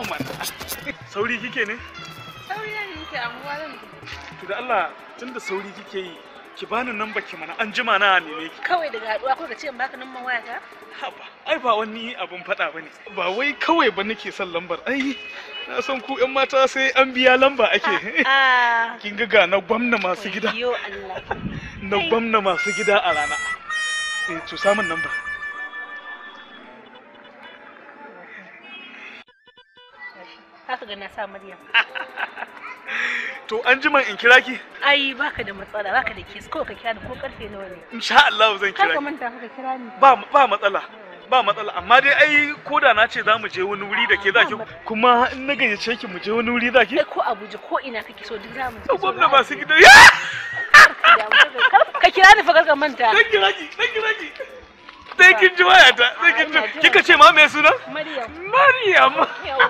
Oh man. Sauri kike ne? Sauri na nake amma zan To da Allah tunda sauri kike yi ki bani nan baki mana an jima na ne ki. Kawai daga haduwa ko ka ce baka nan waya ta Haba, ai ba wani abun fada bane. Ba wai kawai ba nake son lambar. Ai na san ku ƴan mata sai an biya lamba ake. Ah, ah. Kin ga ga na gwamna masu gida. Yo Allah. Na gwamna masu gida a rana. Eh to samun nan haka ga na sa Maryam. To an jima in kira ki? Ai baka da matsala baka da kis ko ka kira da ko karfe nawa ne? Insha Allah zan kira. Kar manta ka kira ni. Ba ba matsala. Ba matsala amma dai ai ko da na ce za mu je wani wuri da ke zaki kuma in na gayyace ki mu je wani wuri zaki? Ai ko Abuja ko ina kake so duk za mu je. Gwamna ba su gidan. Ka kira ni fa kar ka manta. Zan kira ki, zan kira ki. Sai kin ji wayata, sai kin ji. Kika ce ma me suna? Maryam. Maryam. Yawa.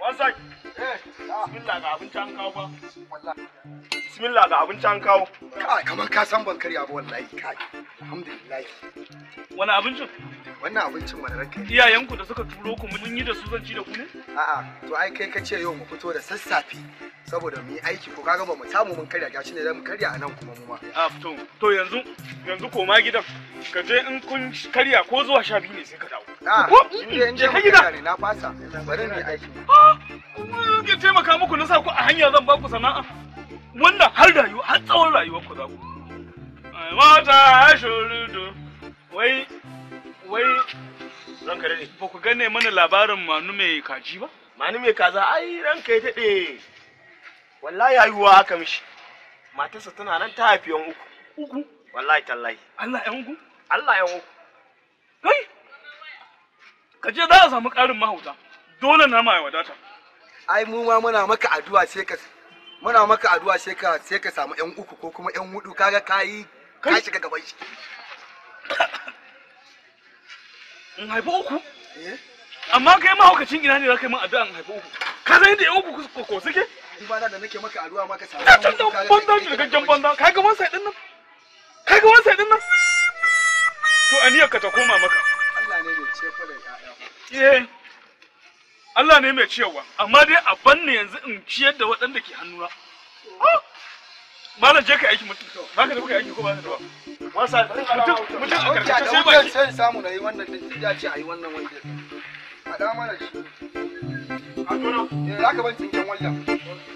Wansai! Bismillah eh, ga abinci an kawo ba. Bismillah ga abinci an kawo. Kai, kamar ka san ban karya ba wallahi kai. Alhamdulillah. Wani abincin? Wannan abincin wani ranka. Iyayenku da suka turo ku mun yi da su zan ci da ku ne? A'a, to ai kai ka ce yau mu fito da sassafe saboda mu yi aiki ko kaga ba mu samu mun karya gashi ne zamu karya a nan kuma mu ma a ah, to to yanzu yanzu koma gidan ka je in kun karya ko zuwa sha biyu ne sai ka dawo ah, ko in je ka gida ne na fasa bari mu yi aiki ah, ke taimaka muku na sa ku a hanya zan ba ku sana'a wannan har rayuwa har tsawon rayuwar ku za ku mata shurudu wai wai ranka ne. ba ku gane mana labarin manu mai kaji ba manu mai kaza ai ranka ya tade wallahi haihuwa haka mishi matarsa tana nan ta haifi yan uku uku wallahi tallahi Allah yan uku Allah yan uku kai ka je za a samu ƙarin mahauta dole na mai wadata ai mu ma muna maka addu'a sai ka muna maka addu'a sai ka sai ka samu yan uku ko kuma yan hudu kaga kai ka shiga gaban shi in haifi uku eh? amma kai mahaukacin ina ne za ka yi min addu'a in haifi uku ka san da yan uku ko suke duba da nake maka a ka ga wansa nan nan to aniyar ka ta koma maka Allah ne mai eh Allah ne mai ciyarwa amma dai a banne yanzu in ciyar da waɗanda ke hannuna malam je ka aiki mutum ba ka aiki ko ba wasa mutum mutum a sai baki shi